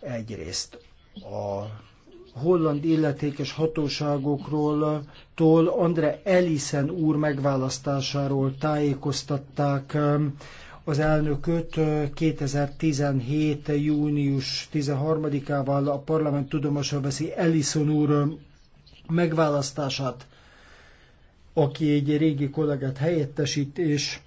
Egyrészt a holland illetékes hatóságokról, tól Andre Elisen úr megválasztásáról tájékoztatták um, az elnököt 2017. Uh, június 13-ával a parlament tudomásra veszi Ellison úr um, megválasztását, aki egy régi kollégát helyettesít, és